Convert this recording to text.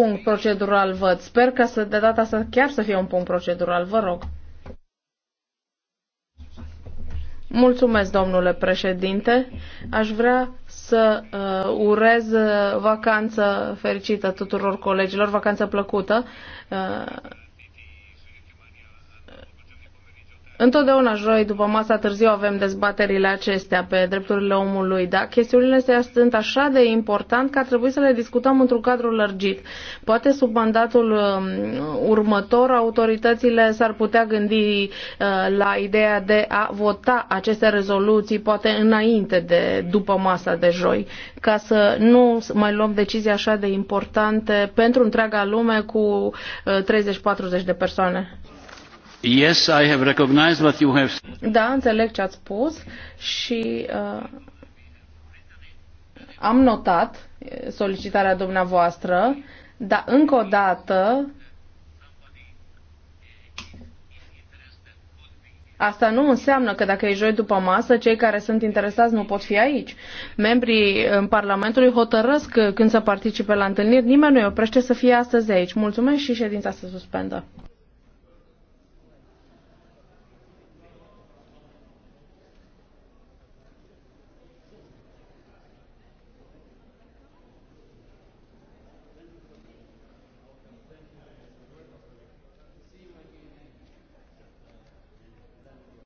punct procedural văd. Sper că să, de data asta chiar să fie un punct procedural. Vă rog. Mulțumesc, domnule președinte. Aș vrea să uh, urez uh, vacanță fericită tuturor colegilor, vacanță plăcută. Uh, Întotdeauna joi după masa târziu avem dezbaterile acestea pe drepturile omului, dar chestiunile astea sunt așa de important că ar trebui să le discutăm într-un cadru lărgit. Poate sub mandatul um, următor autoritățile s-ar putea gândi uh, la ideea de a vota aceste rezoluții poate înainte de după masa de joi, ca să nu mai luăm decizii așa de importante pentru întreaga lume cu 30-40 uh, de persoane. Yes, I have recognized what you have Da, înțeleg ce ați spus și uh, am notat solicitarea dumneavoastră, dar încă o dată Asta nu înseamnă că dacă e joi după masă, cei care sunt interesați nu pot fi aici. Membrii în Parlamentului hotărăsc când să participe la întâlniri. Nimeni nu îi oprește să fie astăzi aici. Mulțumesc și ședința se suspendă.